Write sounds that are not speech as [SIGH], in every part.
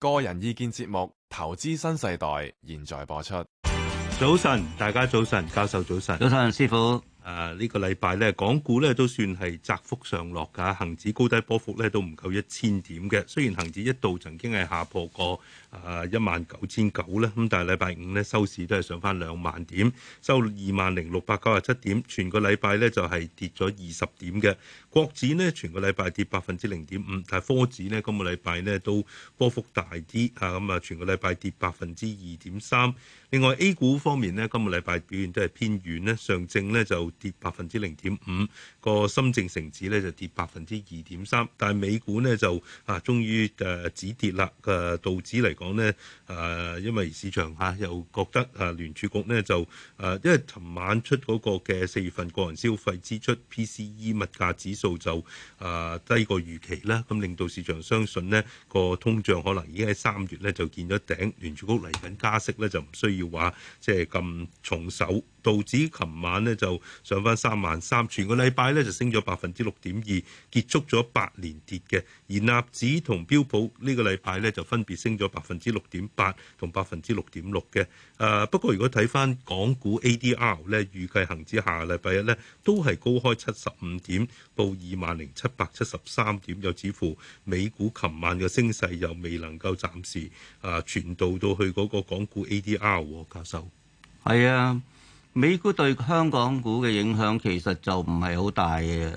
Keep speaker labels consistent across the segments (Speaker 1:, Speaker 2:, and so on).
Speaker 1: 個人意見節目《投資新世代》現在播出。早晨，大家早晨，教授早晨，早晨，師傅。誒、啊、呢、這個禮拜咧，港股咧都算係窄幅上落㗎，恒指高低波幅咧都唔夠一千點嘅。雖然恒指一度曾經係下破過誒一萬九千九咧，咁、啊、但係禮拜五咧收市都係上返兩萬點，收二萬零六百九十七點，全個禮拜咧就係跌咗二十點嘅。國指呢，全個禮拜跌百分之零點五，但係科指呢，今個禮拜呢，都波幅大啲嚇，咁啊全個禮拜跌百分之二點三。另外 A 股方面呢，今個禮拜表現都係偏軟呢，上證呢，就跌百分之零點五，個深證成指呢，就跌百分之二點三。但係美股呢，就啊終於誒止跌啦，誒、啊、道指嚟講呢，誒、啊、因為市場嚇、啊、又覺得誒聯儲局呢，就誒、啊、因為尋晚出嗰個嘅四月份個人消費支出 PCE 物價指數就誒低過預期啦，咁令到市場相信咧個通脹可能已經喺三月咧就見咗頂。聯儲局嚟緊加息咧就唔需要話即係咁重手。道指琴晚呢就上翻三萬三，全個禮拜呢就升咗百分之六點二，結束咗八連跌嘅。而納指同標普呢個禮拜呢就分別升咗百分之六點八同百分之六點六嘅。誒、啊、不過如果睇翻港股 ADR 呢，預計恒指下禮拜一呢都係高開七十五點，報二萬零七百七十三點。又似乎美股琴晚嘅升勢又未能夠暫時誒傳導到去嗰個港股 ADR 喎，教授係啊。
Speaker 2: 美股對香港股嘅影響其實就唔係好大嘅，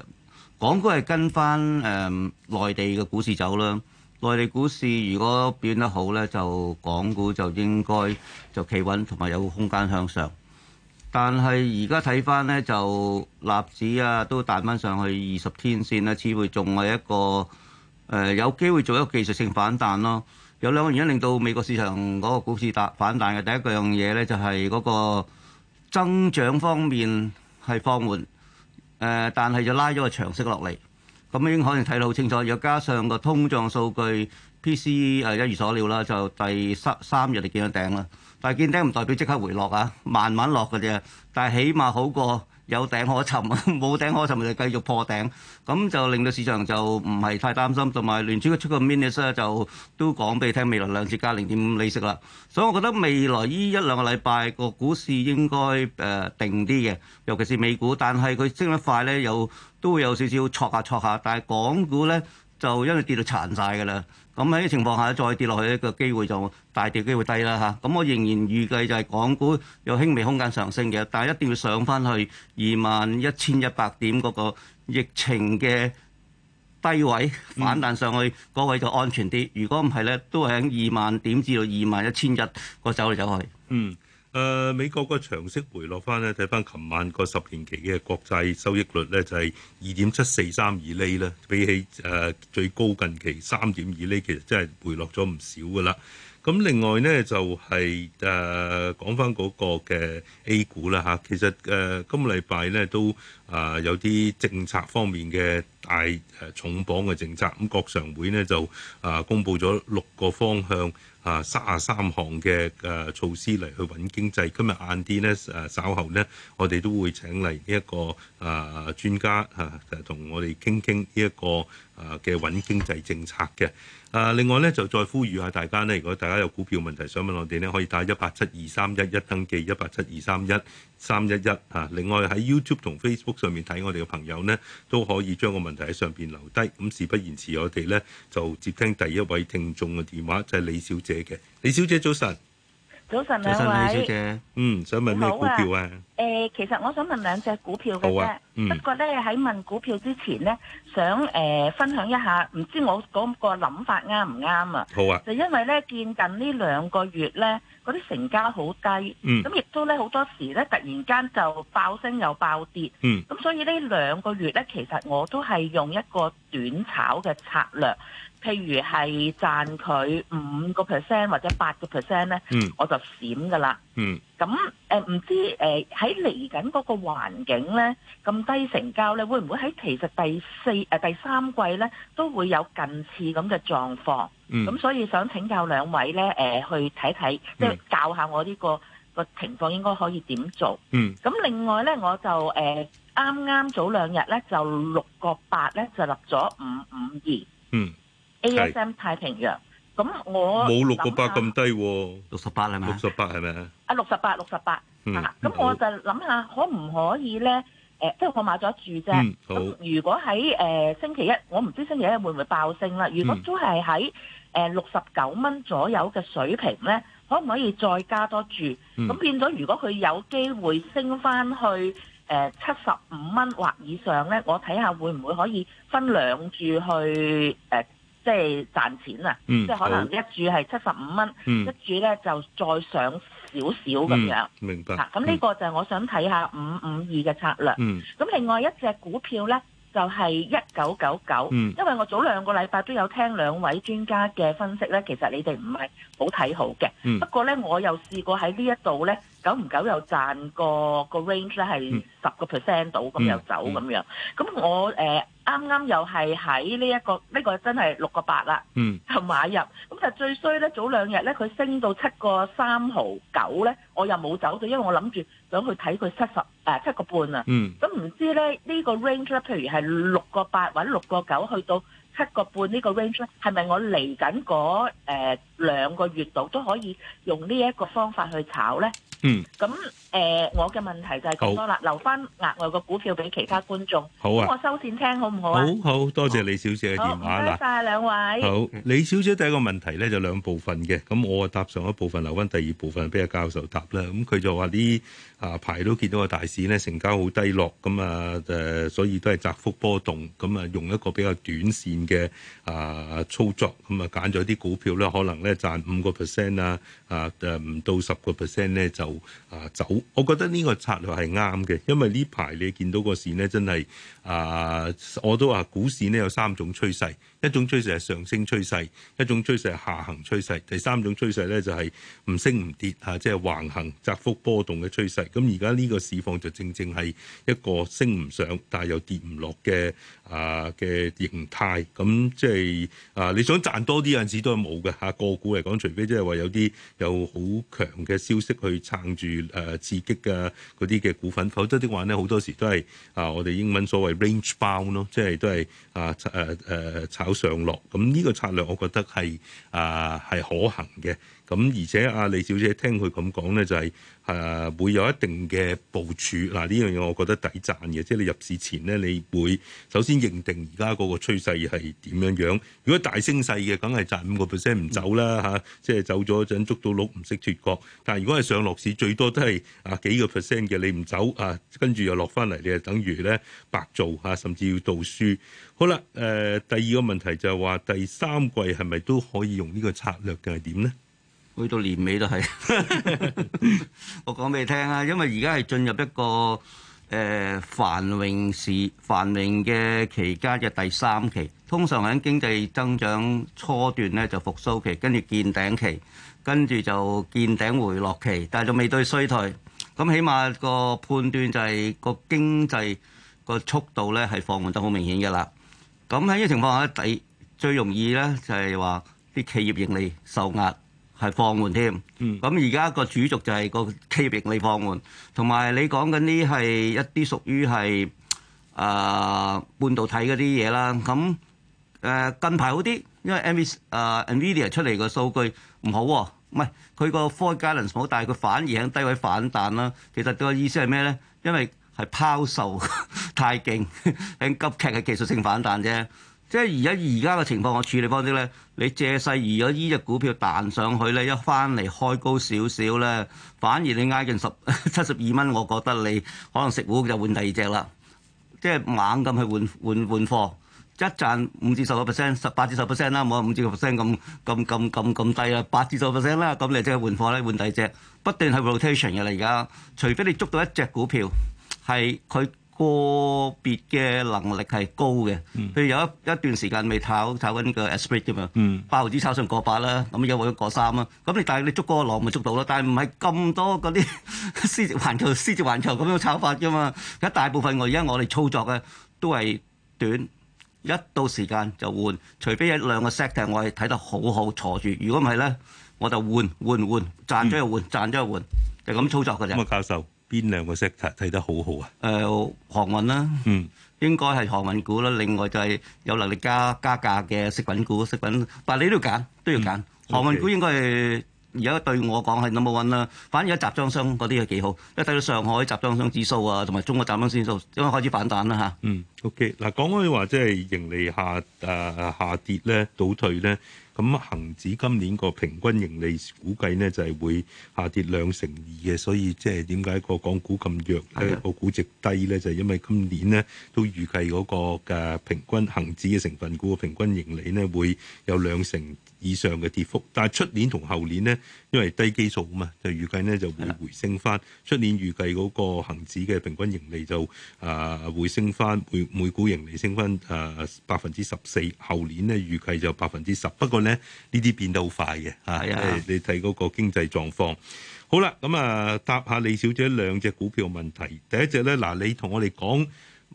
Speaker 2: 港股係跟翻誒、呃、內地嘅股市走啦。內地股市如果變得好咧，就港股就應該就企穩同埋有空間向上。但係而家睇翻咧，就納指啊都彈翻上去二十天線啦，似乎仲係一個誒、呃、有機會做一個技術性反彈咯。有兩個原因令到美國市場嗰個股市達反彈嘅，第一樣嘢咧，就係、是、嗰、那個。增長方面係放緩，誒、呃，但係就拉咗個長息落嚟，咁已經可能睇到好清楚。又加上個通脹數據 PCE 一如所料啦，就第三三日就見到頂啦。但係見頂唔代表即刻回落啊，慢慢落嘅啫。但係起碼好過。有頂可尋，冇 [LAUGHS] 頂可尋就繼續破頂，咁就令到市場就唔係太擔心，同埋聯儲佢出個 minutes 咧、啊、就都講俾你聽，未來兩次加零點五利息啦。所以，我覺得未來呢一兩個禮拜個股市應該誒、呃、定啲嘅，尤其是美股，但係佢升得快咧，又都會有少少挫下挫下，但係港股咧。就因為跌到殘晒嘅啦，咁喺呢個情況下再跌落去嘅機會就大跌機會低啦嚇。咁、啊、我仍然預計就係港股有輕微空間上升嘅，但係一定要上翻去二萬一千一百點嗰個疫情嘅低位反彈上去嗰、那個、位就安全啲。如果唔係呢，都喺二萬點至到二萬一千一個走嚟走去。嗯。
Speaker 1: 誒、呃、美國個長息回落翻咧，睇翻琴晚個十年期嘅國債收益率咧就係二點七四三二厘啦，比起誒、呃、最高近期三點二厘，其實真係回落咗唔少噶啦。咁另外呢，就係誒講翻嗰個嘅 A 股啦吓，其實誒、呃、今個禮拜呢，都啊、呃、有啲政策方面嘅大誒、呃、重磅嘅政策，咁、呃、國常會呢，就啊、呃、公布咗六個方向。啊，三十三項嘅嘅措施嚟去穩經濟。今日晏啲咧，誒、啊、稍後咧，我哋都會請嚟呢一個啊專家啊，就、啊、同我哋傾傾呢一個啊嘅穩經濟政策嘅。啊！另外咧，就再呼籲下大家咧，如果大家有股票問題想問我哋咧，可以打一八七二三一一登記一八七二三一三一一嚇。另外喺 YouTube 同 Facebook 上面睇我哋嘅朋友咧，都可以將個問題喺上邊留低。咁事不宜遲，我哋咧就接聽第一位聽眾嘅電話，就係李小姐嘅。李小姐早晨。
Speaker 3: 早晨，梁小姐。
Speaker 1: 嗯，想問咩股票啊？好
Speaker 3: 啊、嗯、其實我想問兩隻股票嘅啫。啊嗯、不過咧，喺問股票之前咧，想誒、呃、分享一下，唔知我嗰個諗法啱唔啱啊？好啊。就因為咧，見近呢兩個月咧，嗰啲成交好低。咁亦、嗯、都咧，好多時咧，突然間就爆升又爆跌。嗯。咁所以呢兩個月咧，其實我都係用一個短炒嘅策略。譬如係賺佢五個 percent 或者八個 percent 咧，呢嗯、我就閃噶啦。咁誒、嗯，唔、嗯、知誒喺嚟緊嗰個環境咧咁低成交咧，會唔會喺其實第四誒、呃、第三季咧都會有近似咁嘅狀況？咁、嗯嗯、所以想請教兩位咧誒、呃，去睇睇即係教下我呢、呢個個情況應該可以點做？咁、嗯嗯嗯、另外咧，我就誒啱啱早兩日咧就六個八咧就立咗五五二嗯。A. S. M 太平洋，咁我冇六個八咁
Speaker 1: 低，六十八係嘛？六十八係咪？
Speaker 3: 啊，六十八，六十八，係啦。咁我就諗下，可唔可以咧？誒，即係我買咗一注啫。咁如果喺誒星期一，我唔知星期一會唔會爆升啦。如果都係喺誒六十九蚊左右嘅水平咧，可唔可以再加多注？咁變咗，如果佢有機會升翻去誒七十五蚊或以上咧，我睇下會唔會可以分兩注去誒？即係賺錢啊！嗯、即係可能一注係七十五蚊，嗯、一注咧就再上少少咁樣，嗯。明白。咁呢、啊嗯、個就係我想睇下五五二嘅策略。咁、嗯、另外一隻股票咧就係一九九九。因為我早兩個禮拜都有聽兩位專家嘅分析咧，其實你哋唔係好睇好嘅。嗯、不過咧，我又試過喺呢一度咧。久唔久又賺個、個個 range 咧係十個 percent 到，咁又、嗯、走咁樣。咁、嗯嗯、我誒啱啱又係喺呢一個呢、呢個真係六個八啦，就、嗯、買入。咁就最衰咧，早兩日咧佢升到七個三毫九咧，我又冇走咗，因為我諗住想去睇佢七十誒七個半啊。咁唔、嗯、知咧呢、呢個 range 咧，譬如係六個八或者六個九去到七個半呢個 range 咧，係咪我嚟緊嗰誒兩個月度都可以用呢一個方法去炒咧？嗯，咁。誒、呃，我嘅問題就係咁多啦，好留翻額外個股票俾其他觀眾。
Speaker 1: 好啊，我收線聽好唔好？啊、好好，多謝李小姐嘅電話啦。多謝曬
Speaker 3: 兩位。好，李
Speaker 1: 小姐第一個問題咧就兩部分嘅，咁我啊答上一部分，留翻第二部分俾阿教授答啦。咁佢就話呢啊排都見到個大市咧，成交好低落，咁啊誒，所以都係窄幅波動，咁啊用一個比較短線嘅啊操作，咁啊揀咗啲股票咧，可能咧賺五個 percent 啊啊誒唔到十個 percent 咧就啊走。我覺得呢個策略係啱嘅，因為呢排你見到個線呢，真係啊，我都話股市呢有三種趨勢。一種趨勢係上升趨勢，一種趨勢係下行趨勢，第三種趨勢咧就係唔升唔跌嚇，即係橫行窄幅波動嘅趨勢。咁而家呢個市況就正正係一個升唔上但係又跌唔落嘅啊嘅形態。咁即係啊，你想賺多啲有陣時都係冇嘅嚇。個股嚟講，除非即係話有啲有好強嘅消息去撐住誒、啊、刺激嘅嗰啲嘅股份，否則的話咧好多時，多時都係啊我哋英文所謂 range bound 咯、啊，即係都係啊誒誒、啊啊、炒。上落咁呢個策略，我覺得係啊係可行嘅。咁而且阿李小姐聽佢咁講咧，就係誒會有一定嘅部署。嗱呢樣嘢我覺得抵賺嘅，即係你入市前咧，你會首先認定而家嗰個趨勢係點樣樣。如果大升勢嘅，梗係賺五個 percent 唔走啦吓、啊，即係走咗一陣捉到鹿，唔識脱角。但係如果係上落市，最多都係啊幾個 percent 嘅，你唔走啊，跟住又落翻嚟，你係等於咧白做吓、啊，甚至要倒輸。好啦，誒、呃，第二個問題就係話第三季係咪都可以用呢個策略定係點咧？去到年尾都係，我講俾你聽啊，因為而家係
Speaker 2: 進入一個誒繁榮時繁榮嘅期間嘅第三期。通常喺經濟增長初段咧就復甦期，跟住見頂期，跟住就見頂回落期，但係仲未對衰退。咁起碼個判斷就係個經濟個速度咧係放緩得好明顯嘅啦。咁喺呢個情況下，第最容易咧就係話啲企業盈利受壓。係放緩添，咁而家個主軸就係個企業盈利放緩，同埋你講緊啲係一啲屬於係誒半導體嗰啲嘢啦。咁誒近排好啲，因為 NVIDIA 出嚟個數據唔好喎，唔係佢個 financial 唔好，但係佢反而喺低位反彈啦。其實個意思係咩咧？因為係拋售太勁，喺急劇係技術性反彈啫。即係而家而家嘅情況，我處理方式咧，你借勢如果呢隻股票彈上去咧，一翻嚟開高少少咧，反而你挨緊十七十二蚊，我覺得你可能食糊就換第二隻啦。即係猛咁去換換換貨，一賺五至十個 percent，十八至十 percent 啦，冇五至十個 percent 咁咁咁咁咁低啦，八至十 percent 啦，咁你即係換貨咧，換第二隻，不斷係 rotation 嘅啦，而家除非你捉到一隻股票係佢。個別嘅能力係高嘅，譬如有一一段時間未炒炒緊個 Esprit 咁樣，八毫子炒上過百啦，咁又或者個三啦？咁你但係你捉個浪咪捉到咯，但係唔係咁多嗰啲思捷環球、思捷環球咁樣炒法噶嘛，而家大部分我而家我哋操作嘅都係短，一到時間就換，除非一兩個 sector 我係睇得好好坐住，如果唔係咧我就換換換賺咗又換賺咗又換，就咁操作嘅啫。咁教授。邊兩個
Speaker 1: 色睇得好好
Speaker 2: 啊？誒、呃，航運啦，嗯，應該係航運股啦。另外就係有能力加加價嘅食品股、食品，但係你都要揀，都要揀、嗯、航運股應該係而家對我講係冇乜揾啦。反而而家集裝箱嗰啲又幾好，一睇到上海集
Speaker 1: 裝箱指數啊，同埋中國集裝箱指數，因為開始反彈啦吓，嗯，OK，嗱講開話即係盈利下誒、啊、下跌咧，倒退咧。咁恒指今年個平均盈利估計咧就係會下跌兩成二嘅，所以即係點解個港股咁弱咧？個估值低咧，就係因為今年咧都預計嗰個嘅平均恒指嘅成分股嘅平均盈利咧會有兩成以上嘅跌幅，但係出年同後年呢，因為低基數啊嘛，就預計呢就會回升翻。出年預計嗰個恆指嘅平均盈利就啊會、呃、回升翻，每每股盈利升翻誒百分之十四。後年呢，預計就百分之十。不過呢，呢啲變得好快嘅，係啊，你睇嗰個經濟狀況。好啦，咁啊答下李小姐兩隻股票問題。第一隻呢，嗱你同我哋講。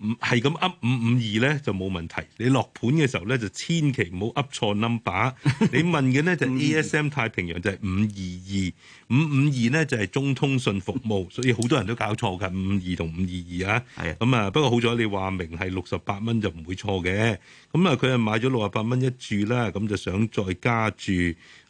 Speaker 1: 唔係咁噏，五五二咧就冇問題，你落盤嘅時候咧就千祈唔好噏錯 number。你問嘅呢就 ASM 太平洋就係五二二，五五二咧就係、是、中通訊服務，所以好多人都搞錯㗎，五二同五二二啊。咁啊的、嗯、不過好彩你話明係六十八蚊就唔會錯嘅。咁啊佢係買咗六十八蚊一注啦，咁、嗯、就想再加注。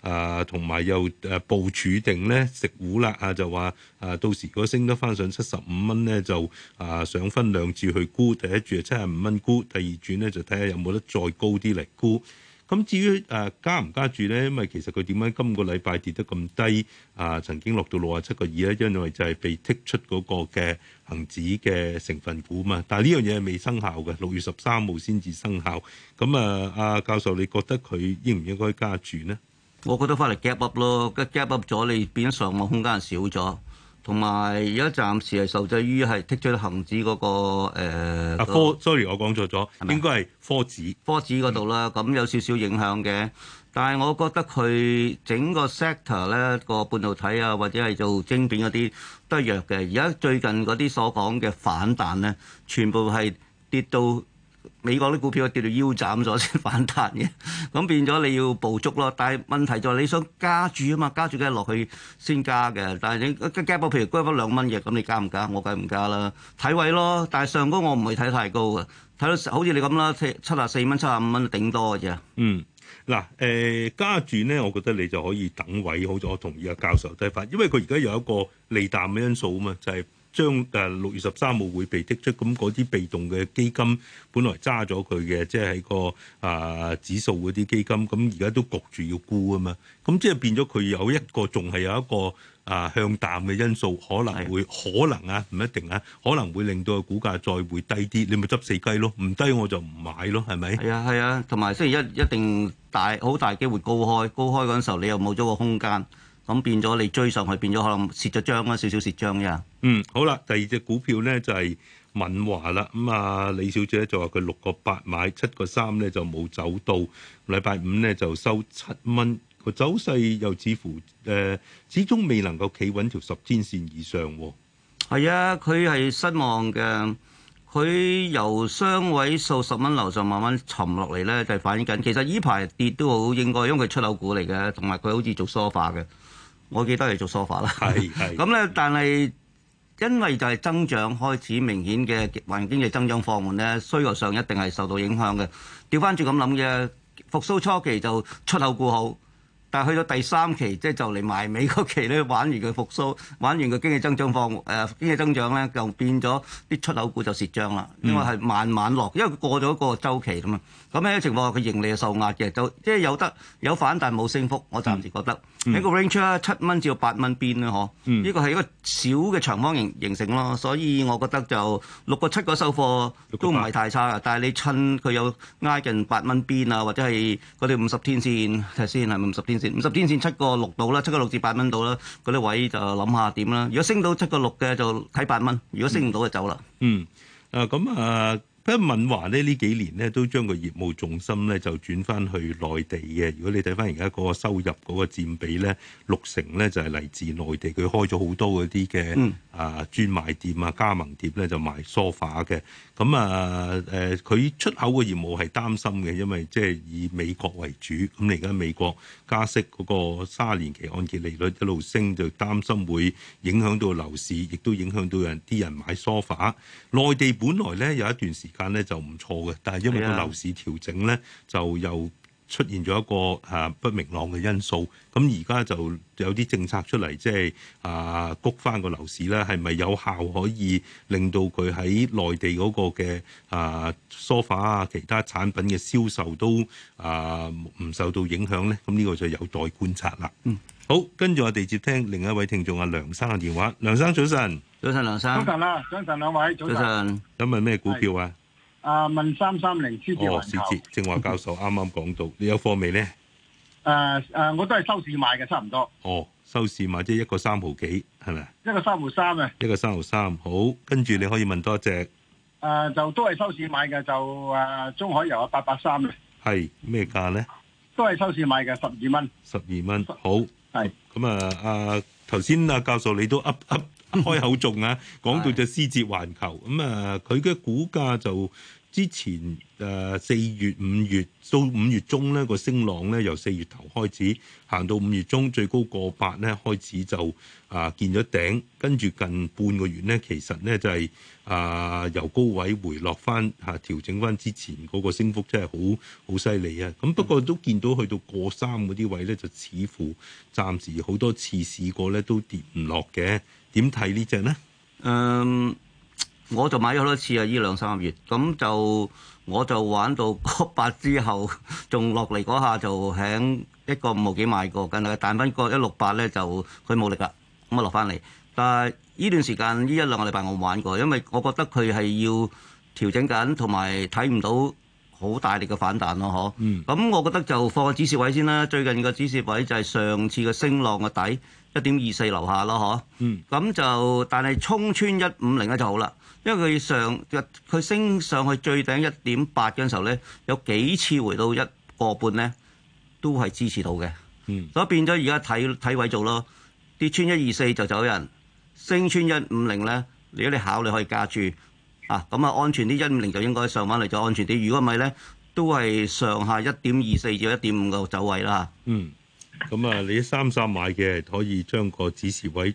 Speaker 1: 啊，同埋又誒部署定咧食糊啦啊，就話啊，到時如果升得翻上七十五蚊咧，就啊上分兩次去沽。第一注啊七十五蚊沽，第二注咧就睇下有冇得再高啲嚟沽。咁至於誒、啊、加唔加注咧，因為其實佢點解今個禮拜跌得咁低啊？曾經落到六啊七個二咧，因為就係被剔出嗰個嘅恒指嘅成分股啊嘛。但係呢樣嘢係未生效嘅，六月十三號先至生效。咁啊，阿教授，你覺得佢應唔應該加注呢？我覺得翻嚟 gap
Speaker 2: up 咯，跟 gap up 咗你變咗上網空間少咗，同埋而家暫時係受制於係剔咗啲恆指嗰個科，呃 ah，sorry，我講錯咗，係咪應該係科指。科指嗰度啦，咁有少少影響嘅，但係我覺得佢整個 sector 咧，個半導體啊，或者係做晶片嗰啲都係弱嘅。而家最近嗰啲所講嘅反彈咧，全部係跌到。美國啲股票啊，跌到腰斬咗先反彈嘅，咁變咗你要捕捉咯。但係問題就係你想加注啊嘛，加注梗係落去先加嘅。但係你個 gap 譬如 gap 翻兩蚊嘅，咁你加唔加？我計唔加啦，睇位咯。但係上高我唔會睇太高嘅，睇到好似你咁啦，七七啊
Speaker 1: 四蚊、七啊五蚊頂多嘅啫。嗯，嗱，誒加注咧，我覺得你就可以等位好咗。我同意阿教授低翻，因為佢而家有一個利淡嘅因素啊嘛，就係。將誒六月十三號會被剔出，咁嗰啲被動嘅基、呃、基金，本來揸咗佢嘅，即係喺個誒指數嗰啲基金，咁而家都焗住要沽啊嘛，咁即係變咗佢有一個，仲係有一個啊、呃、向淡嘅因素，可能會是、啊、可能啊，唔一定啊，可能會令到個股價再會低啲，你咪執死雞咯，唔低我就唔買咯，係
Speaker 2: 咪？係啊係啊，同埋雖然一一,一定大好大機會高開，高開嗰陣時候你又冇咗個空
Speaker 1: 間。咁變咗你追上去，變咗可能蝕咗張啦，少少蝕張啫。嗯，好啦，第二隻股票咧就係、是、敏華啦。咁、嗯、啊，李小姐就話佢六個八買七個三咧就冇走到，禮拜五咧就收七蚊，個走勢又似乎誒、呃，始終未能夠企穩條十天線以上喎。係啊，
Speaker 2: 佢係失望嘅。佢由雙位數十蚊樓上慢慢沉落嚟咧，就係反映緊。其實依排跌都好應該，因為佢出口股嚟嘅，同埋佢好似做梳化嘅。我記得係做梳化啦，咁 [LAUGHS] 咧，但係因為就係增長開始明顯嘅環球經濟增長放緩呢，需求上一定係受到影響嘅。調翻轉咁諗嘅，復甦初期就出口股好。但係去到第三期，即係就嚟埋尾嗰期咧，玩完佢復甦，玩完個經濟增長放，誒、呃、經濟增長咧就變咗啲出口股就蝕賬啦，因為係慢慢落，因為過咗個週期啦嘛。咁呢個情況佢盈利係受壓嘅，就即係有得有反彈但冇升幅。我暫時覺得呢、嗯嗯、個 range 啊，七蚊至到八蚊邊咧，嗬、嗯？呢個係一個小嘅長方形形成咯，所以我覺得就六個七個收貨都唔係太差嘅，但係你趁佢有挨近八蚊邊啊，或者係嗰條五十天先，睇先係唔係五十天？五十天線七個六度啦，七個六至八蚊度啦，嗰啲位就諗下點啦。如果升到七個六嘅就睇八蚊，
Speaker 1: 如果升唔到就走啦，嗯。嗯，啊咁啊，咁敏華咧呢幾年咧，都將個業務重心咧就轉翻去內地嘅。如果你睇翻而家嗰個收入嗰個佔比咧，六成咧就係嚟自內地，佢開咗好多嗰啲嘅啊專賣店啊、加盟店咧就賣梳化嘅。咁啊，誒佢出口嘅業務係擔心嘅，因為即係以美國為主。咁而家美國加息嗰個三十年期按揭利率一路升，就擔心會影響到樓市，亦都影響到人啲人買梳化。內地本來呢有一段時間呢就唔錯嘅，但係因為個樓市調整呢，就又，出現咗一個啊不明朗嘅因素，咁而家就有啲政策出嚟，即係啊谷返個樓市咧，係咪有效可以令到佢喺內地嗰個嘅啊梳化啊其他產品嘅銷售都啊唔、呃、受到影響咧？咁、這、呢個就有待觀察啦。嗯，好，跟住我哋接聽另一位聽眾阿梁生嘅電話。梁生早晨，早晨梁生，早晨啦，
Speaker 3: 早晨兩位，早晨，
Speaker 1: 想問咩股票啊？晨晨
Speaker 3: 啊！問三三零、思捷
Speaker 1: 正話教授啱啱講到， [LAUGHS] 你有貨未呢？誒誒、
Speaker 3: 呃呃，我都係收市買嘅，差唔多。
Speaker 1: 哦，收市買即係一個三毫幾，係咪？
Speaker 3: 一個三毫三啊！
Speaker 1: 一個三毫三，好，跟住你可以問多一隻。誒、呃，
Speaker 3: 就都係收市買嘅，就誒、呃、中海油啊，八八
Speaker 1: 三咧。係咩價呢？都係收市買嘅，十二蚊。十二蚊，好。係咁啊！阿頭先阿教授你，你都噏噏。呃呃呃開口仲啊， [LAUGHS] 講到隻思捷環球咁啊，佢嘅是、嗯、股價就之前誒四、呃、月五月到五月中呢個升浪呢，由四月頭開始行到五月中最高過八呢開始就啊、呃、見咗頂，跟住近半個月呢，其實呢就係、是、啊、呃、由高位回落翻嚇、啊、調整翻之前嗰個升幅真係好好犀利啊！咁不過都見到去到過三嗰啲位呢，就似乎暫時好多次試過呢都跌唔落嘅。點睇呢隻呢？嗯，
Speaker 2: 我就買咗好多次啊！呢兩三個月，咁就我就玩到八之後，仲落嚟嗰下就喺一個五毫幾買過，跟住彈翻個一六八呢，就佢冇力啦，咁啊落翻嚟。但係呢段時間呢一兩個禮拜我冇玩過，因為我覺得佢係要調整緊，同埋睇唔到好大力嘅反彈咯，嗬、嗯。咁我覺得就放個止蝕位先啦。最近個止蝕位就係上次嘅升浪嘅底，一點二四樓下咯，嗬、嗯，咁就但係衝穿一五零咧就好啦，因為佢上日佢升上去最頂一點八嗰陣時候咧，有幾次回到一個半咧，都係支持到嘅，嗯，所以變咗而家睇睇位做咯，跌穿一二四就走人，升穿一五零咧，如果你考慮可以加住，啊，咁啊安全啲一五零就應該上返嚟就安全啲，如果唔係咧，都
Speaker 1: 係上下一點二四至一點五嘅走位啦，嗯。咁啊，你三三買嘅可以將個指示位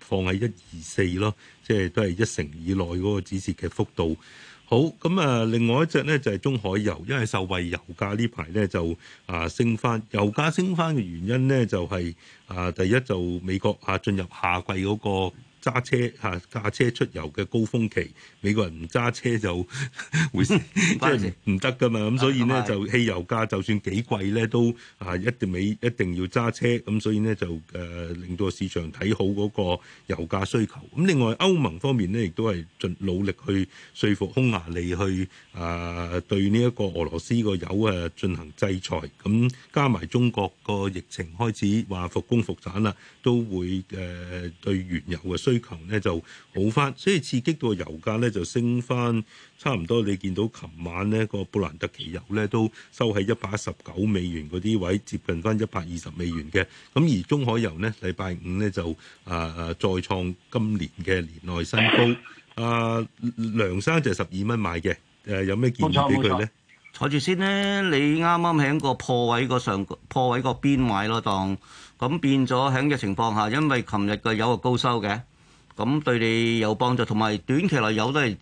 Speaker 1: 放喺一二四咯，即係都係一成以內嗰個指示嘅幅度。好，咁啊，另外一隻呢就係中海油，因為受惠油價呢排呢就啊升翻，油價升翻嘅原因呢，就係啊第一就美國啊進入夏季嗰個。揸車吓駕車出遊嘅高峰期，美國人唔揸車就會即係唔得噶嘛，咁所以咧就汽油價就算幾貴咧都啊一定未一定要揸車，咁所以咧就誒令到個市場睇好嗰個油價需求。咁另外歐盟方面咧亦都係盡努力去說服匈牙利去誒對呢一個俄羅斯個油誒進行制裁。咁加埋中國個疫情開始話復工復產啦，都會誒對原油嘅需需求咧就好翻，所以刺激到個油價咧就升翻，差唔多你見到琴晚咧個布蘭特期油咧都收喺一百一十九美元嗰啲位，接近翻一百二十美元嘅。咁而中海油呢，禮拜五呢，就、呃、啊再創今年嘅年內新高。阿、呃、梁生就十二蚊買嘅，誒有咩建議俾佢咧？坐住先
Speaker 2: 呢，先你啱啱喺個破位個上破位個邊位咯，當咁變咗喺嘅情況下，因為琴日嘅油係高收嘅。咁對你有幫助，同埋短期內油都係誒、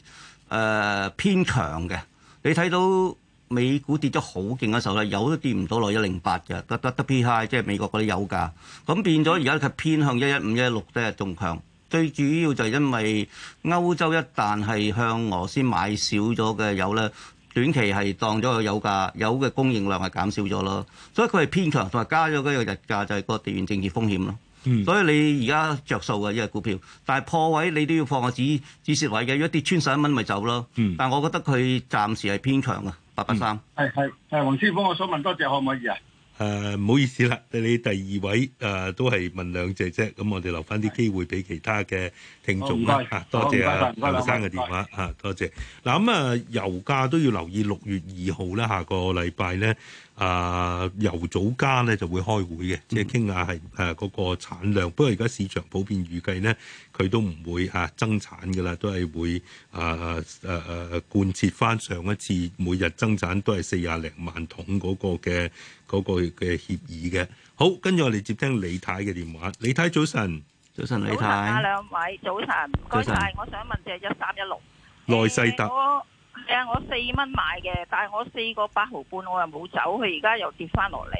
Speaker 2: 呃、偏強嘅。你睇到美股跌咗好勁嘅時候咧，油都跌唔到落一零八嘅，得得得 P high 即係美國嗰啲油價。咁變咗而家佢偏向一一五、一一六都係仲強。最主要就係因為歐洲一旦係向俄羅斯買少咗嘅油咧，短期係當咗個油價、油嘅供應量係減少咗咯。所以佢係偏強，同埋加咗嗰個日價就係個地緣政治風險咯。嗯、所以你而家着數嘅因個股票，但係破位你都要放個止止蝕位嘅，如果跌穿十一蚊咪走咯。嗯、但係我覺得佢暫時係偏強嘅。八百三。係係係黃
Speaker 3: 師傅，我想問多謝可唔可以啊？
Speaker 1: 誒唔、呃、好意思啦，你第二位誒、呃、都係問兩隻啫，咁我哋留翻啲機會俾其他嘅聽眾啦、哦、啊！多謝啊，阿生嘅電話啊，多謝。嗱咁啊，油價都要留意六月二號咧，下個禮拜咧啊，油早間咧就會開會嘅，即係傾下係誒嗰個產量。不過而家市場普遍預計咧，佢都唔會啊增產嘅啦，都係會啊啊啊，啊貫徹翻上一次每日增產都係四十零萬桶嗰個嘅。嗰個嘅協議嘅好，跟住我哋接聽李太嘅電話。李太早晨，早晨李太。好啊，兩
Speaker 3: 位早晨，唔該晒，謝謝早晨。我想問隻一三一六。
Speaker 1: 耐世特、
Speaker 3: 呃，我四蚊、呃、買嘅，但係我四個八毫半，我又冇走，佢而家又跌翻落嚟。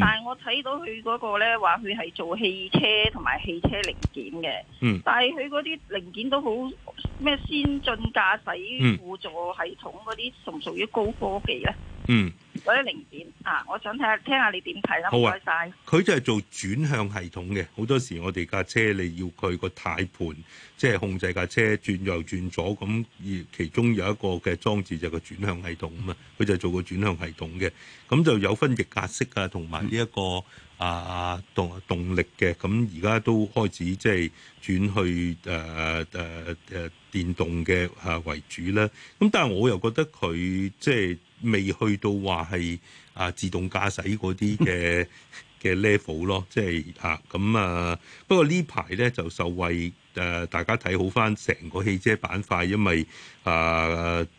Speaker 3: 但係我睇到佢嗰個呢，話佢係做汽車同埋汽車零件嘅。嗯、但係佢嗰啲零件都好咩？先進駕駛輔助系統嗰啲，屬唔屬於高科技呢？嗯。嗰啲零件啊，我想睇下聽下你點睇啦。好
Speaker 1: 佢、啊、就係做轉向系統嘅，好多時我哋架車你要佢個軚盤，即、就、係、是、控制架車轉右轉左咁，而其中有一個嘅裝置就係個轉向系統啊嘛，佢、嗯、就係做個轉向系統嘅，咁就有分液壓式啊，同埋呢一個。嗯啊啊動動力嘅，咁而家都開始即係轉去誒誒誒電動嘅啊為主啦，咁但係我又覺得佢即係未去到話係啊自動駕駛嗰啲嘅嘅 level 咯，即係啊咁啊不過呢排咧就受惠。誒，大家睇好翻成個汽車板塊，因為啊、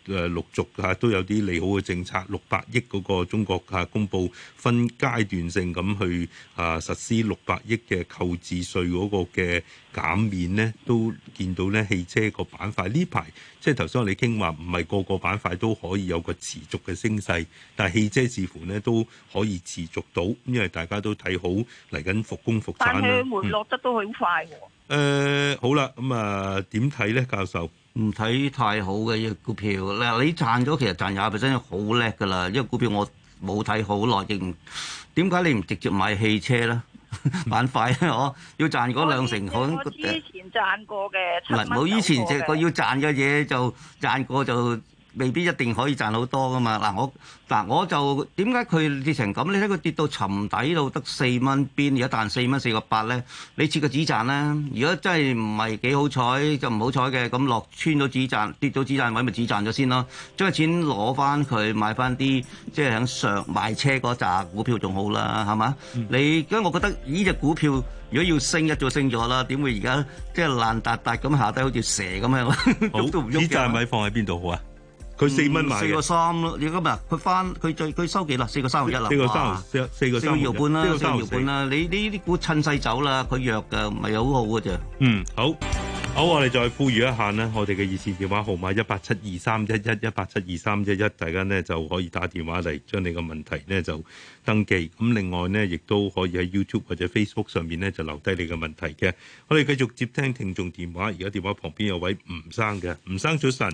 Speaker 1: 呃，陸續嚇都有啲利好嘅政策，六百億嗰個中國嚇公布分階段性咁去啊實施六百億嘅購置稅嗰個嘅減免呢，都見到咧汽車個板塊呢排，即係頭先我哋傾話，唔係個個板塊都可以有個持續嘅升勢，但係汽車似乎呢都可以持續到，因為大家都睇好嚟緊復工復產啦。但係回落
Speaker 3: 得都好快喎。嗯
Speaker 1: 誒、呃，好啦，咁、嗯、啊，點睇咧，教授？
Speaker 2: 唔睇太好嘅、這個、股票咧、啊，你賺咗其實賺廿 percent 好叻噶啦，因為股票我冇睇好耐，亦唔點解你唔直接買汽車咧板塊咧？嗬、嗯， [LAUGHS] 要賺嗰兩成，我之前
Speaker 3: 賺過嘅七蚊。唔好是以前就個要
Speaker 2: 賺嘅嘢就 [LAUGHS] 賺過就。未必一定可以賺好多噶嘛嗱，我嗱我就點解佢跌成咁？你睇佢跌到沉底度得四蚊邊，而家彈四蚊四個八咧，你設個止賺啦。如果真係唔係幾好彩，就唔好彩嘅。咁落穿咗止賺，跌咗止賺位咪止賺咗先咯，將個錢攞翻佢買翻啲即係向上買車嗰扎股票仲好啦，係嘛？嗯、你因為我覺得依隻股票如果要升，一早升咗啦，點會而家即係爛達達咁下低，好似蛇咁樣喐好 [LAUGHS] 都唔喐嘅？止賺
Speaker 1: 位放喺邊度好啊？佢四蚊買四個
Speaker 2: 三咯，你今日佢翻佢再佢收幾多？四個三毫一啦，四個三毫四、啊、四個三毫半啦，四個三毫半啦。你呢啲股趁勢
Speaker 1: 走啦，佢弱嘅唔係好好嘅啫。嗯，好，好我哋再呼籲一下呢。我哋嘅熱線電話號碼一八七二三一一一八七二三一一，11, 11, 大家呢就可以打電話嚟將你嘅問題呢就登記。咁另外呢，亦都可以喺 YouTube 或者 Facebook 上面呢就留低你嘅問題嘅。我哋繼續接聽聽,聽聽眾電話，而家電話旁邊有位吳生嘅，吳生早晨。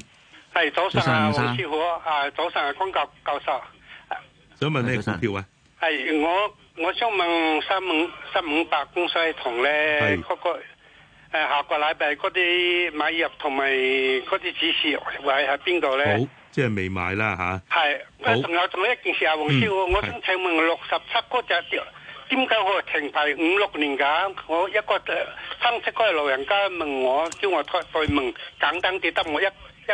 Speaker 1: 係早晨啊，黃師傅啊，早晨啊，江教教授啊，想問你個股票啊？係，我我想問三五三五百公司同咧嗰個誒下個禮拜嗰啲買入同埋嗰啲指示位喺邊度咧？好，即係未買啦吓。係，我仲有仲有一件事啊，黃師傅，我想請問六十七嗰隻點解我停牌五六年噶？
Speaker 3: 我一個親戚個老人家問我，叫我代代問，簡單記
Speaker 1: 得我一。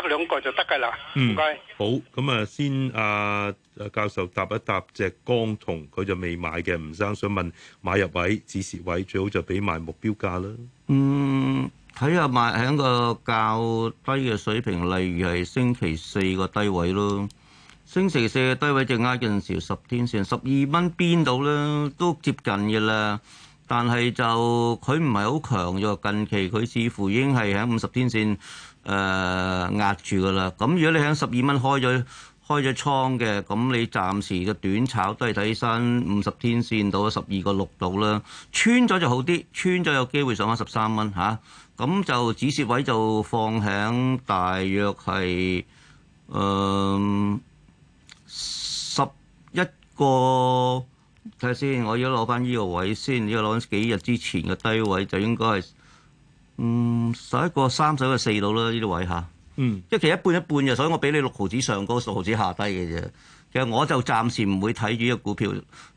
Speaker 1: 一兩個就得噶啦，唔該。好，咁啊，先阿阿教授答一答，只光同佢就未買嘅吳生，想問買入位、止蝕位，最好就俾埋目標價啦。嗯，
Speaker 2: 睇下買喺個較低嘅水平，例如係星期四個低位咯。星期四嘅低位，即係壓緊時十天線十二蚊邊度咧？都接近嘅啦。但係就佢唔係好強弱，近期佢似乎已經係喺五十天線。誒、呃、壓住㗎喇，咁如果你喺十二蚊開咗開咗倉嘅，咁你暫時嘅短炒都係睇起身五十天線到十二個六度啦，穿咗就好啲，穿咗有機會上翻十三蚊嚇。咁、啊、就止蝕位就放喺大約係誒十一個睇下先，我而家攞翻呢個位先，要攞翻幾日之前嘅低位就應該係。嗯，十一個三，十一個四到啦，呢啲位嚇。嗯，即係其實一半一半嘅，所以我俾你六毫紙上高，十毫紙下低嘅啫。其實我就暫時唔會睇住呢個股票，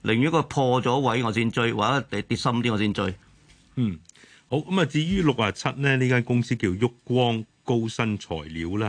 Speaker 2: 寧願佢破咗位我先追，或者跌深啲我先追。
Speaker 1: 嗯，好，咁啊，至於六啊七咧，呢間公司叫旭光。高新材料啦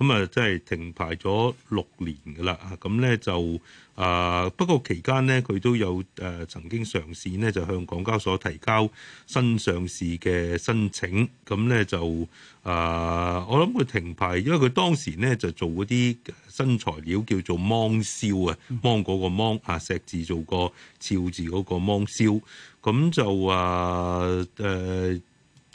Speaker 1: 嚇，咁啊即係停牌咗六年噶啦，咁咧就啊，不過期間咧佢都有誒、呃、曾經嘗試，咧就向港交所提交新上市嘅申請。咁咧就啊我諗佢停牌，因為佢當時咧就做嗰啲新材料叫做芒硝芒芒啊，芒果個芒啊石字做個硝字嗰個芒硝，咁就啊誒。啊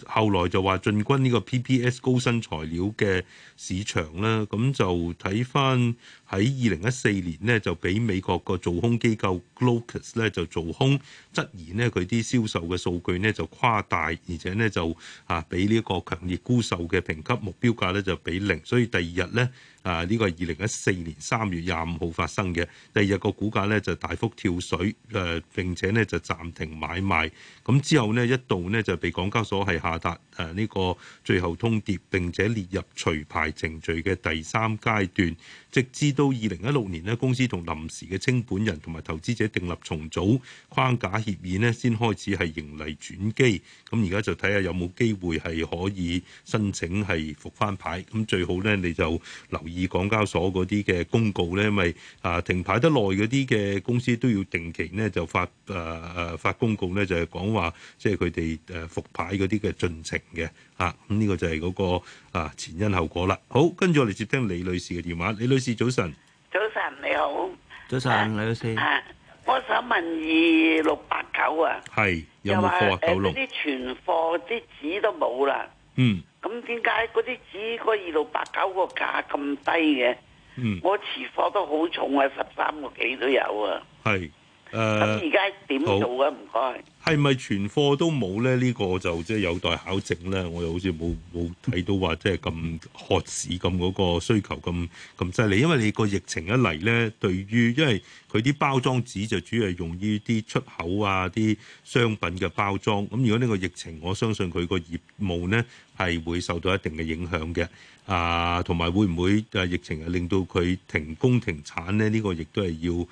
Speaker 1: 後來就話進軍呢個 PPS 高新材料嘅市場啦，咁就睇翻。喺二零一四年呢，就俾美國個做空機構 Glaucus 咧就做空質疑呢，佢啲銷售嘅數據呢，就誇大，而且呢，就啊俾呢個強烈沽售嘅評級，目標價呢，就俾零。所以第二日呢，啊呢、呢個二零一四年三月廿五號發生嘅第二日個股價呢，就大幅跳水，誒、啊、並且呢，就暫停買賣。咁之後呢，一度呢，就被港交所係下達誒呢個最後通牒，並且列入除牌程序嘅第三階段，直至。到二零一六年呢，公司同臨時嘅清盤人同埋投資者訂立重組框架協議呢，先開始係迎嚟轉機。咁而家就睇下有冇機會係可以申請係復翻牌。咁最好咧，你就留意港交所嗰啲嘅公告咧，因為啊停牌得耐嗰啲嘅公司都要定期咧就發誒誒、呃、發公告咧，就係講話，即係佢哋誒復牌嗰啲嘅進程嘅。啊，咁呢個就係嗰、嗰個啊前因後果啦。好，跟住我哋接聽李女士嘅電話，李女士早晨。早晨，李老師。
Speaker 3: 我想問二六八九啊，
Speaker 1: 係有冇
Speaker 3: 貨？嗰啲存貨啲紙都冇啦。
Speaker 2: 嗯，
Speaker 3: 咁點解嗰啲紙個二六八九個價咁低嘅？嗯，我持貨都好重啊，十三個幾
Speaker 4: 都有啊。
Speaker 1: 係，誒、呃，咁而家點做啊？
Speaker 4: 唔該好。
Speaker 1: 係咪全貨都冇呢？呢個就即係有待考證咧。我又好似冇冇睇到話，即係咁渴市咁嗰個需求咁咁犀利。因為你個疫情一嚟呢，對於因為佢啲包裝紙就主要係用於啲出口啊啲商品嘅包裝。咁如果呢個疫情，我相信佢個業務呢係會受到一定嘅影響嘅。啊，同埋會唔會誒疫情係令到佢停工停產呢？呢個亦都係要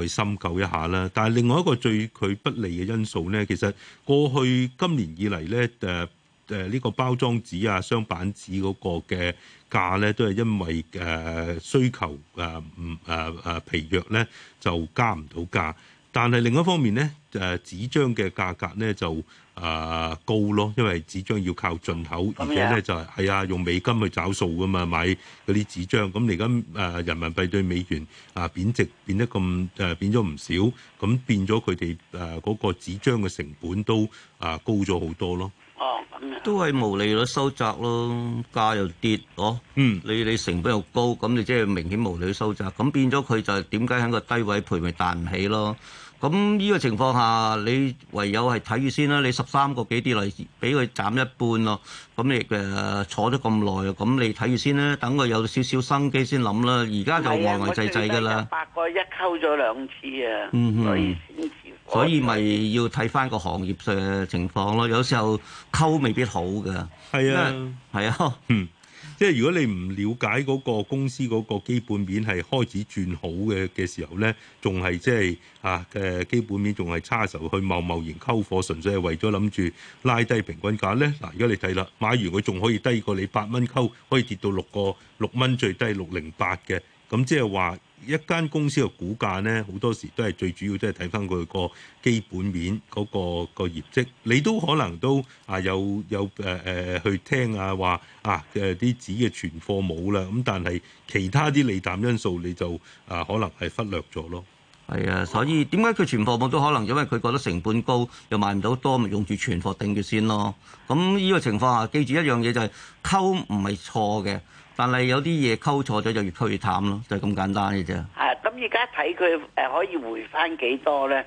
Speaker 1: 再深究一下啦。但係另外一個最佢不利嘅因素。咧，其實過去今年以嚟咧，誒誒呢個包裝紙啊、雙板紙嗰個嘅價咧，都係因為誒、呃、需求誒唔誒誒疲弱咧，就加唔到價。但係另一方面咧，誒紙張嘅價格咧就誒、呃、高咯，因為紙張要靠進口，而且咧就係係啊用美金去找數噶嘛，買嗰啲紙張，咁你而家誒人民幣對美元啊貶、呃、值變得咁誒、呃、變咗唔少，咁、嗯、變咗佢哋誒嗰個紙張嘅成本都啊、呃、高咗好多咯。
Speaker 2: 哦、都係無利率收窄咯，價又跌，哦，嗯，你你成本又高，咁你即係明顯無利收窄，咁變咗佢就係點解喺個低位賠，咪彈唔起咯？咁呢個情況下，你唯有係睇住先啦。你十三個幾啲嚟，俾佢斬一半咯。咁你誒坐咗咁耐，咁你睇住先啦。等佢有少少生機先諗啦。而家就橫橫濟濟噶啦。
Speaker 4: 八個一溝
Speaker 2: 咗兩次啊，1, 次嗯、哼所所以咪要睇翻個行業嘅情
Speaker 1: 況咯，有時候溝未必好嘅，係啊，係啊，嗯，即係如果你唔了解嗰個公司嗰個基本面係開始轉好嘅嘅時候咧，仲係即係啊嘅基本面仲係差嘅時去貿貿然溝貨，純粹係為咗諗住拉低平均價咧。嗱，如果你睇啦，買完佢仲可以低過你八蚊溝，可以跌到六個六蚊最低六零八嘅，咁即係話。一間公司嘅股價咧，好多時都係最主要，都係睇翻佢個基本面嗰、那個、那個業績。你都可能都啊有有誒誒、呃、去聽啊話啊誒啲紙嘅存貨冇啦，咁但係其他啲利淡因素你就啊可能係忽略咗咯。係啊，所以點解佢存貨冇都可能？因為佢覺得成本高，又賣唔到多，咪用住
Speaker 2: 存貨定住先咯。咁呢個情況下，記住一樣嘢就係、是、溝唔係錯嘅。但係有啲嘢溝錯咗就越溝越淡咯，就係、是、咁簡單嘅啫。係咁、啊，而
Speaker 3: 家睇佢誒可以回翻幾多咧？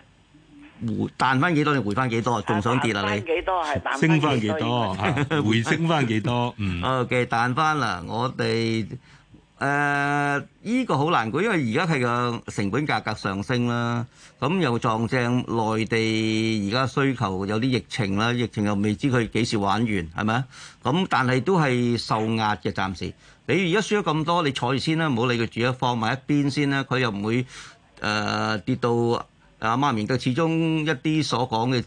Speaker 2: 回彈翻幾多定回翻幾多？仲想跌啊你？啊彈翻幾
Speaker 4: 多係？
Speaker 3: 升翻幾多
Speaker 2: [LAUGHS] 啊？回升翻幾多？嗯。啊嘅、 [LAUGHS] okay, 彈翻嗱，我哋誒依個好難估，因為而家係個成本價格上升啦，咁、啊、又撞正內地而家需求有啲疫情啦、啊，疫情又未知佢幾時玩完，係咪啊？咁但係都係受壓嘅，暫時。你而家輸咗咁多，你坐住先啦，唔好理佢住啦，放埋一邊先啦。佢又唔會誒、呃、跌到阿媽明嘅。始終一啲所講嘅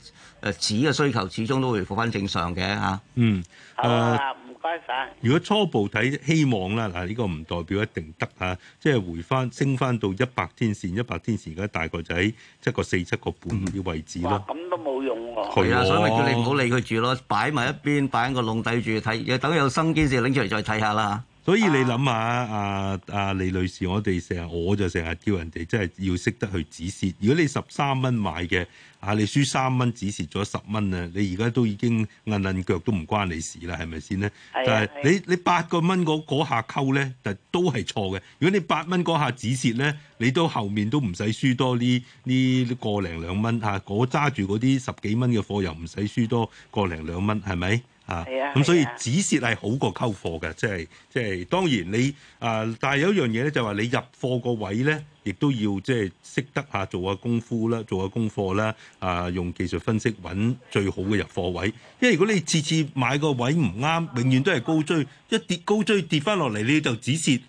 Speaker 2: 誒紙嘅需求，
Speaker 1: 始終都會回復翻正常嘅嚇。嗯，啊，唔該曬。呃啊、如果初步睇希望啦，嗱、這、呢個唔代表一定得啊，即係回翻升翻到一百天線，一百天線而家大概就喺即係七個四七個半嘅位置啦。咁都冇用喎，係啊，所以咪叫你唔好理
Speaker 2: 佢住咯，擺埋一邊，擺喺個籠底住睇，等有新機時拎出嚟再睇下啦。
Speaker 1: 所以你諗下，阿阿李女士，我哋成日，我就成日叫人哋，真係要識得去止蝕。如果你十三蚊買嘅，啊，你輸三蚊止蝕咗十蚊啊，你而家都已經韌韌腳都唔關你事啦，係咪先咧？但係的你的你八個蚊嗰下溝咧，但都係錯嘅。如果你八蚊嗰下止蝕咧，你都後面都唔使輸多呢呢個零兩蚊嚇，嗰揸住嗰啲十幾蚊嘅貨又唔使輸多個零兩蚊，係咪？ [NOISE] 啊，咁所以止蝕係好過溝貨嘅，即係即係當然你啊、呃，但係有一樣嘢咧，就係話你入貨個位咧，亦都要即係識得嚇做下功夫啦，做下功課啦，啊，用技術分析揾最好嘅入貨位，因為如果你次次買個位唔啱，永遠都係高追，一跌高追跌翻落嚟你就止蝕。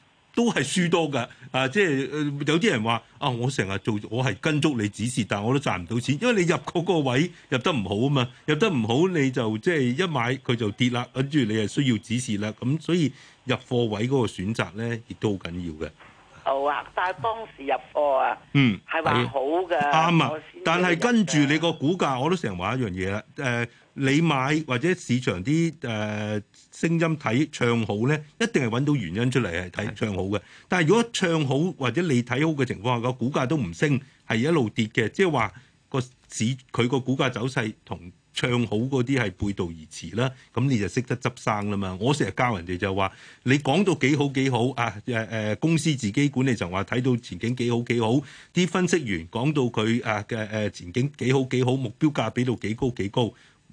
Speaker 1: 都係輸多噶，啊，即係有啲人話啊，我成日做，我係跟足你指示，但係我都賺唔到錢，因為你入嗰個位入得唔好啊嘛，入得唔好你就即係一買佢就跌啦，跟住你係需要指示啦，咁所以入貨位嗰個選擇咧亦都好緊要嘅。
Speaker 3: 就話，但係當時入貨啊，係話、嗯、好㗎，啱啊嘛。但係跟
Speaker 1: 住你個股價，我都成日話一樣嘢啦。誒、呃，你買或者市場啲誒、呃、聲音睇唱好咧，一定係搵到原因出嚟係睇唱好嘅。但係如果唱好或者你睇好嘅情況下，個股價都唔升，係一路跌嘅，即係話個市佢個股價走勢同唱好嗰啲係背道而馳啦，咁你就識得執生啦嘛！我成日教人哋就話，你講到幾好幾好啊誒誒、啊啊、公司自己管理就話睇到前景幾好幾好，啲分析員講到佢啊嘅誒、啊、前景幾好幾好，目標價俾到幾高幾高，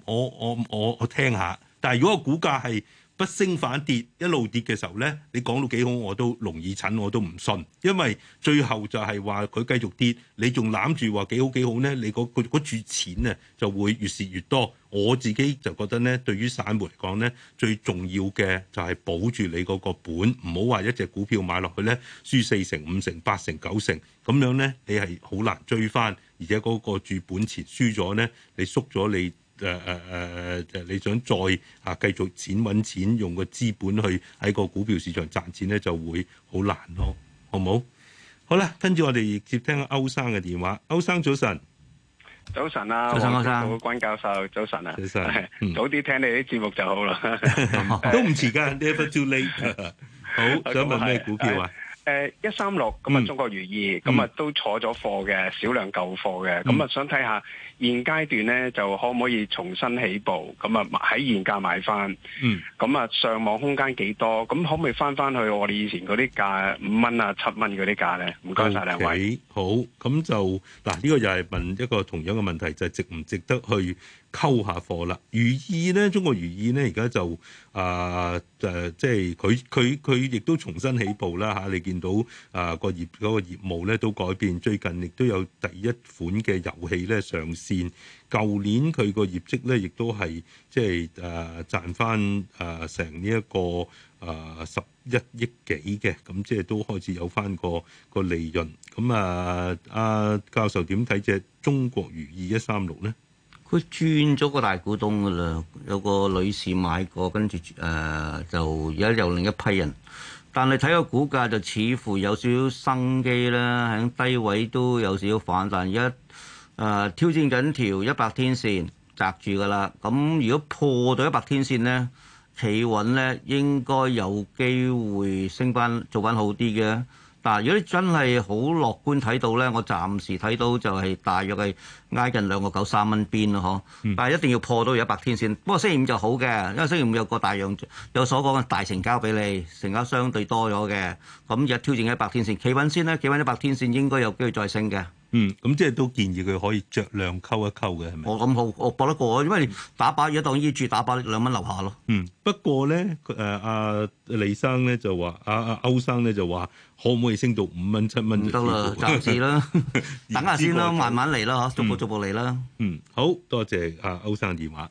Speaker 1: 我我我我聽下，但係如果個股價係。不升反跌，一路跌嘅時候呢，你講到幾好我都容易診，我都唔信，因為最後就係話佢繼續跌，你仲攬住話幾好幾好呢？你嗰住嗰注錢啊就會越蝕越多。我自己就覺得呢，對於散戶嚟講呢，最重要嘅就係保住你嗰個本，唔好話一隻股票買落去呢，輸四成、五成、八成、九成咁樣呢，你係好難追返，而且嗰個注本錢輸咗呢，你縮咗你。誒誒誒，你想再啊繼續錢揾錢，用個資本去喺個股票市場賺錢咧，就會好難咯，好唔好？好啦，跟住我哋接聽歐生嘅電話。歐生早晨，早晨啊，歐生。歐生，關教授早晨啊，早晨，早啲聽你啲節目就好啦，都唔遲噶，never too late。好想問咩股票啊？
Speaker 3: 誒一三六咁啊，uh, 6, 嗯、中國如意咁啊，嗯、都坐咗貨嘅，少量舊貨嘅，咁啊、嗯，想睇下現階段咧就可唔可以重新起步，咁啊喺現價買翻，嗯，咁啊上網空間幾多，咁可唔可以翻翻去我哋以前嗰啲價五蚊啊七蚊嗰啲價咧？唔該晒啊，謝謝兩位。
Speaker 1: 好，咁就嗱呢、呢個又係問一個同樣嘅問題，就係、係、值唔值得去？溝下貨啦，如意呢，中國如意呢，而家就啊誒，即係佢佢佢亦都重新起步啦嚇、啊，你見到啊個業嗰個業務咧都改變，最近亦都有第一款嘅遊戲咧上線，舊年佢個業績咧亦都係即係誒賺翻誒成呢一個誒十一億幾嘅，咁即係都開始有翻個個利潤，咁啊阿、啊、教授點睇隻中國如意一三六呢？佢轉咗個大股
Speaker 2: 東㗎喇，有個女士買過，跟住誒就而家、呃、又另一批人。但係睇個股價就似乎有少少生機啦，喺低位都有少少反彈，而家誒挑戰緊條一百天線擲住㗎喇。咁如果破到一百天線呢，企穩呢，應該有機會升返，做返好啲嘅。嗱，如果你真係好樂觀睇到咧，我暫時睇到就係大約係挨近兩個九三蚊邊咯，嗬。嗯、但係一定要破到一百天線。不過星期五就好嘅，因為星期五有個大陽有所講嘅大成交俾你，成交相對多咗嘅。咁日挑戰一百天線，企穩先啦。企穩一百天線應該有機會再升嘅。
Speaker 1: 嗯，咁即係都建議佢可以酌量溝一溝嘅，係咪？我咁、嗯、好，我搏得過啊，因為打靶一檔依住，打靶兩蚊樓下咯。嗯，不過咧，誒、呃、阿李生咧就話，阿阿歐生咧就話，可唔可以升到五蚊七蚊？得啦，暫時啦，等下 [LAUGHS] 先啦，慢慢嚟啦，哈、嗯，逐步逐步嚟啦。嗯，好多謝阿歐、啊、生電話。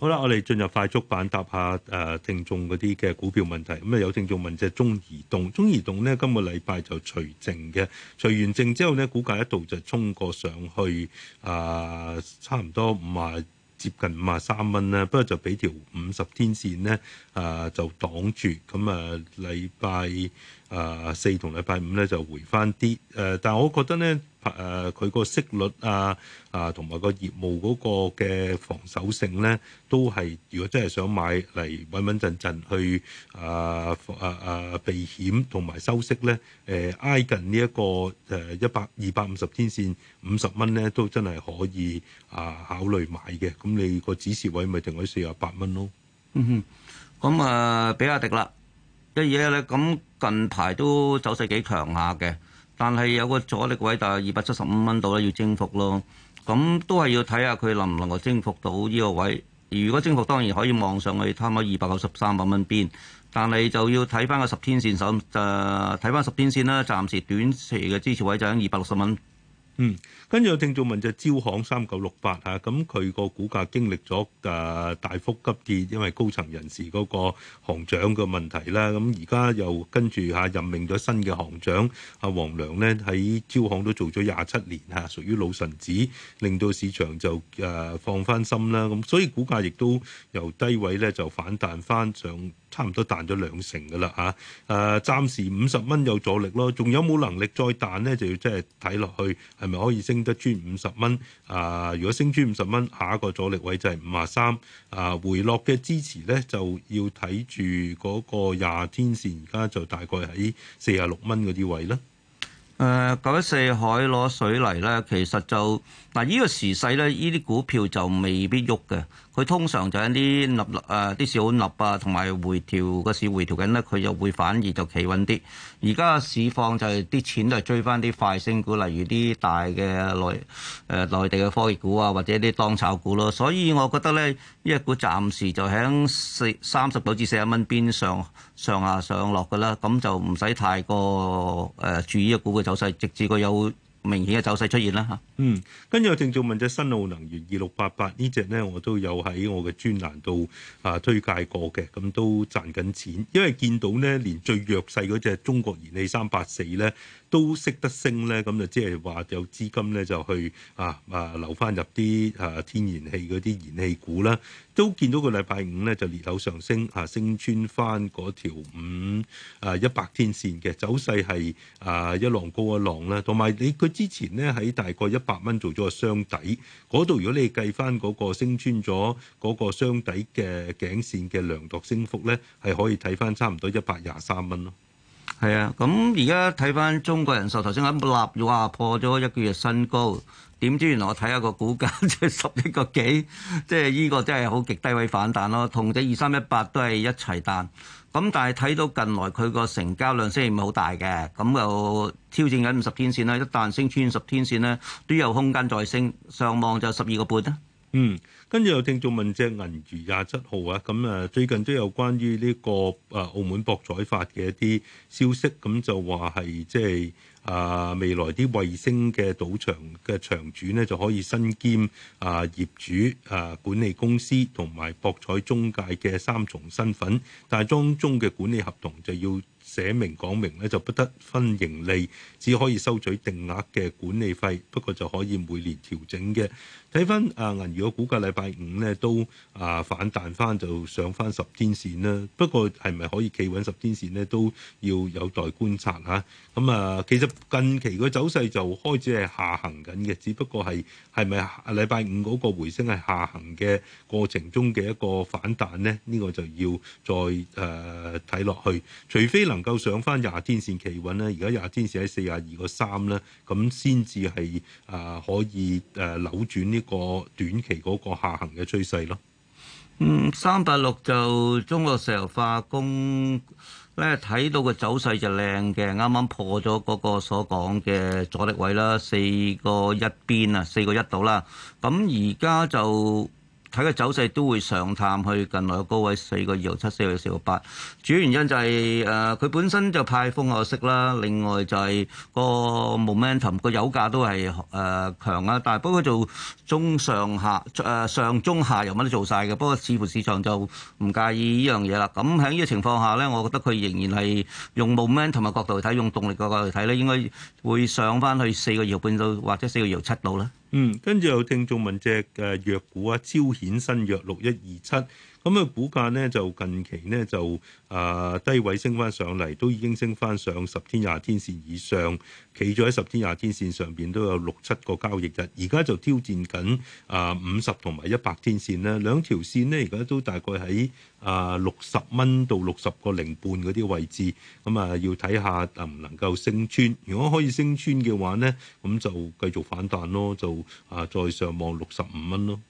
Speaker 1: 好啦，我哋進入快速版，答，答下誒聽眾嗰啲嘅股票問題。咁、嗯、啊，有聽眾問即係中移動，中移動咧今個禮拜就除淨嘅，除完淨之後咧，股價一度就衝過上去，啊、呃，差唔多五啊接近五啊三蚊啦。不過就俾條五十天線咧啊、呃、就擋住，咁啊禮拜啊四同禮拜五咧就回翻啲。誒、呃，但係我覺得咧。誒佢個息率啊，啊同埋個業務嗰個嘅防守性咧，都係如果真係想買嚟穩穩陣陣去啊啊啊避險同埋收息咧，誒、啊、挨近呢、這、一個誒一百二百五十天線五十蚊咧，都真係可以啊考慮買嘅。咁你個指示位咪定喺四十八蚊咯？ [LAUGHS] 嗯哼，
Speaker 2: 咁、嗯嗯嗯、啊，比亞迪啦一嘢咧，咁近排都走勢幾強下嘅。但係有個阻力位就係二百七十五蚊度啦，要征服咯。咁都係要睇下佢能唔能夠征服到呢個位。如果征服，當然可以望上去探個二百九十三百蚊邊。但係就要睇返個十天線，就睇返十天線啦。暫時短期嘅支持位就喺二百六十蚊。
Speaker 1: 嗯，跟住有聽眾問就招行三九六八啊，咁佢個股價經歷咗誒大幅急跌，因為高層人士嗰個行長嘅問題啦，咁而家又跟住吓、啊、任命咗新嘅行長阿黃、啊、良呢喺招行都做咗廿七年吓，屬、啊、於老臣子，令到市場就誒、啊、放翻心啦，咁、啊、所以股價亦都由低位咧就反彈翻上，差唔多彈咗兩成嘅啦嚇，誒、啊、暫時五十蚊有阻力咯，仲有冇能力再彈呢？就要即係睇落去，係咪可以升得穿五十蚊？啊，如果升穿五十蚊，下一個阻力位就係五十三。啊，回落嘅支持呢，就要睇住嗰個廿天線，而家就大概喺四十六蚊嗰啲位啦。誒、呃，講起四
Speaker 2: 海攞水泥呢，其實就嗱呢、呃呢個時勢呢，呢啲股票就未必喐嘅。佢通常就係啲立立誒啲小立啊，同埋回調個市回調緊咧，佢又會反而就企穩啲。而家市況就係、是、啲錢都係追返啲快升股，例如啲大嘅內誒、呃、內地嘅科技股啊，或者啲當炒股囉。所以我覺得咧，呢一股暫時就喺四三十九至四十蚊邊上上下上落㗎啦，咁就唔使太過誒注意呢個股嘅走勢，直至佢有。明顯嘅走勢出現啦吓，嗯，
Speaker 1: 跟住我正做問隻新奧能源二六八八呢隻呢，我都有喺我嘅專欄度啊推介過嘅，咁都賺緊錢，因為見到呢，連最弱勢嗰隻中國燃氣三八四呢，都識得升呢，咁就即係話有資金呢，就去啊啊流翻入啲啊天然氣嗰啲燃氣股啦，都見到個禮拜五呢，就裂口上升啊，升穿翻嗰條五、嗯、啊一百天線嘅走勢係啊一浪高一浪啦，同埋你佢之前呢，喺大概一百蚊做咗個箱底，嗰度如果你計翻嗰個升穿咗嗰個箱底嘅頸線嘅量度升幅呢，係可以睇翻差唔多一百廿三蚊咯。
Speaker 2: 係啊，咁而家睇翻中國人壽頭先喺納咗啊，破咗一個月新高，點知原來我睇下個股價即係十一個幾，即係呢個真係好極低位反彈咯，同隻二三一八都係一齊彈。咁但係睇到近來佢個成交量雖然唔係好大嘅，咁又挑戰緊五十天線啦，一旦升
Speaker 1: 穿十天線咧，都有空間再升，上望就十二個半啦。嗯，跟住有聽眾問魚，即銀娛廿七號啊，咁誒最近都有關於呢、這個誒、啊、澳門博彩法嘅一啲消息，咁就話係即係啊未來啲衞星嘅賭場嘅場主呢，就可以身兼啊業主、啊管理公司同埋博彩中介嘅三重身份，但係當中嘅管理合同就要寫明講明呢，就不得分盈利，只可以收取定額嘅管理費，不過就可以每年調整嘅。睇翻啊銀娛嘅股價，禮拜五咧都啊反彈翻，就上翻十天線啦。不過係咪可以企穩十天線咧，都要有待觀察嚇。咁啊，其實近期個走勢就開始係下行緊嘅，只不過係係咪禮拜五嗰個回升係下行嘅過程中嘅一個反彈咧？呢個就要再誒睇落去，除非能夠上翻廿天線企穩啦。而家廿天線喺四呀二個三啦，咁先至係啊可以誒扭轉呢個。個短期嗰個下行嘅趨勢咯，
Speaker 2: 嗯，三八六就中國石油化工咧，睇到個走勢就靚嘅，啱啱破咗嗰個所講嘅阻力位啦，四個一邊啊，四個一度啦，咁而家就。睇個走勢都會上探去近來嘅高位，四個二毫七，四個二毫八。主要原因就係、是、誒，佢、呃、本身就派風可息啦，另外就係個 momentum 個油價都係誒強啊。但係不過做中上下誒、呃、上中下游乜都做晒嘅，不過似乎市場就唔介意呢樣嘢啦。咁喺呢個情況下咧，我覺得佢仍然係用 momentum 嘅角度嚟睇，用動力角度嚟睇咧，應該會上翻去四個二
Speaker 1: 毫半到或者四個二毫七度啦。嗯，跟住又聽眾問隻誒藥股啊，昭衍新藥六一二七。咁啊，股價呢，就近期呢，就啊、呃、低位升翻上嚟，都已經升翻上十天廿天線以上，企咗喺十天廿天線上邊都有六七個交易日，而家就挑戰緊啊五十同埋一百天線咧，兩條線呢，而家都大概喺啊六十蚊到六十個零半嗰啲位置，咁、嗯、啊要睇下能唔能夠升穿，如果可以升穿嘅話呢，咁就繼續反彈咯，就啊、呃、再上望六十五蚊咯。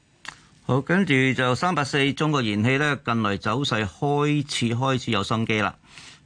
Speaker 1: 好，跟住
Speaker 2: 就三百四中國燃氣咧，近嚟走勢開始開始有生機啦。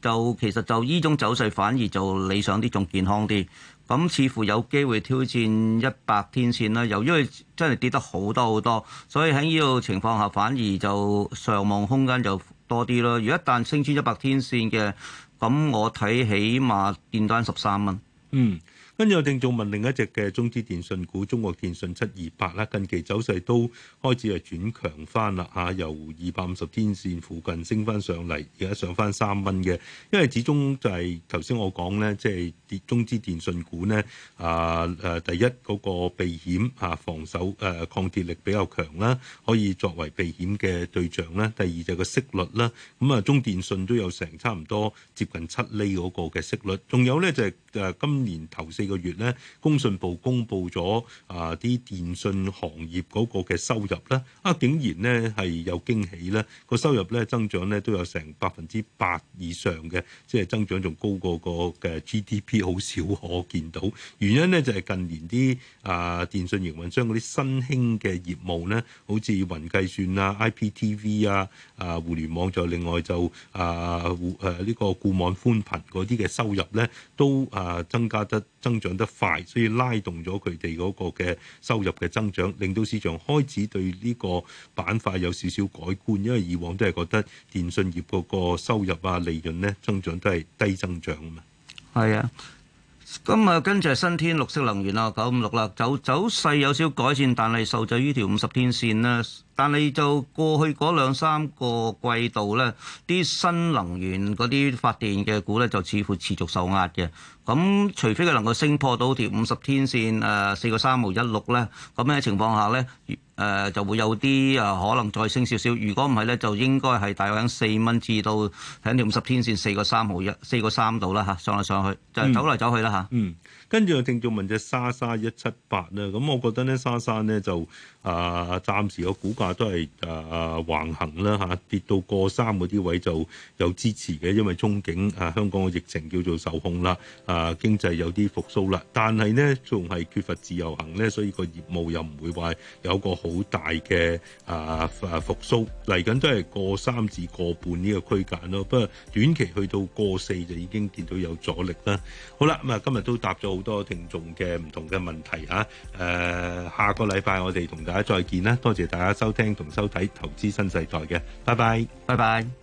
Speaker 2: 就其實就依種走勢反而就理想啲，仲健康啲。咁似乎有機會挑戰一百天線啦。由於真係跌得好多好多，所以喺呢個情況下反而就上望空間就多啲咯。如果一旦升穿一百天線嘅，
Speaker 1: 咁我睇起碼見單十三蚊。嗯。跟住我聽眾問另一隻嘅中資電信股中國電信七二八啦，近期走勢都開始係轉強翻啦嚇，由二百五十天線附近升翻上嚟，而家上翻三蚊嘅。因為始終就係頭先我講咧，即係中資電信股咧啊誒，第一嗰、那個避險嚇，防守誒、啊、抗跌力比較強啦，可以作為避險嘅對象啦；第二就係個息率啦，咁啊中電信都有成差唔多接近七厘嗰個嘅息率，仲有咧就係、是、誒今年頭先。幾個月咧，工信部公布咗啊啲電信行業嗰個嘅收入咧，啊竟然咧係有驚喜咧，個收入咧增長咧都有成百分之八以上嘅，即係增長仲高過個嘅 GDP，好少可見到。原因咧就係、是、近年啲啊電信營運商嗰啲新興嘅業務咧，好似雲計算啊、IPTV 啊，啊、啊互聯、這個、網就另外就啊誒呢個固網寬頻嗰啲嘅收入咧，都啊增加得增。增長得快，所以拉動咗佢哋嗰個嘅收入嘅增長，令到市場開始對呢個板塊有少少改觀，因為以往都係覺得電信業嗰個收入啊、利潤呢增長都係低增長啊嘛。係啊，咁啊，跟住係新天綠色能
Speaker 2: 源啊，九五六啦，走走勢有少少改善，但係受制於條五十天線啦。但係就過去嗰兩三個季度咧，啲新能源嗰啲發電嘅股咧就似乎持續受壓嘅。咁除非佢能夠升破到條五十天線6，誒四個三毫一六咧，咁樣嘅情況下咧，誒就會有啲誒可能再升少少。如果唔係咧，就應該係大約喺四蚊至到喺條五十天線四個
Speaker 1: 三毫一四個三度啦嚇，上嚟上去就係、走嚟走去啦嚇、嗯。嗯。跟住又聽眾問隻莎莎一七八啦，咁我覺得咧莎莎咧就。啊，暫時個股價都係啊橫行啦嚇、啊，跌到過三嗰啲位就有支持嘅，因為憧憬啊香港嘅疫情叫做受控啦，啊經濟有啲復甦啦，但係呢，仲係缺乏自由行呢，所以個業務又唔會話有個好大嘅啊啊復甦，嚟緊都係過三至過半呢個區間咯，不過短期去到過四就已經見到有阻力啦。好啦，咁啊今日都答咗好多聽眾嘅唔同嘅問題嚇，誒、啊、下個禮拜我哋同大家。大家再見啦！多謝大家收聽同收睇《投資新世代》嘅，拜拜，拜拜。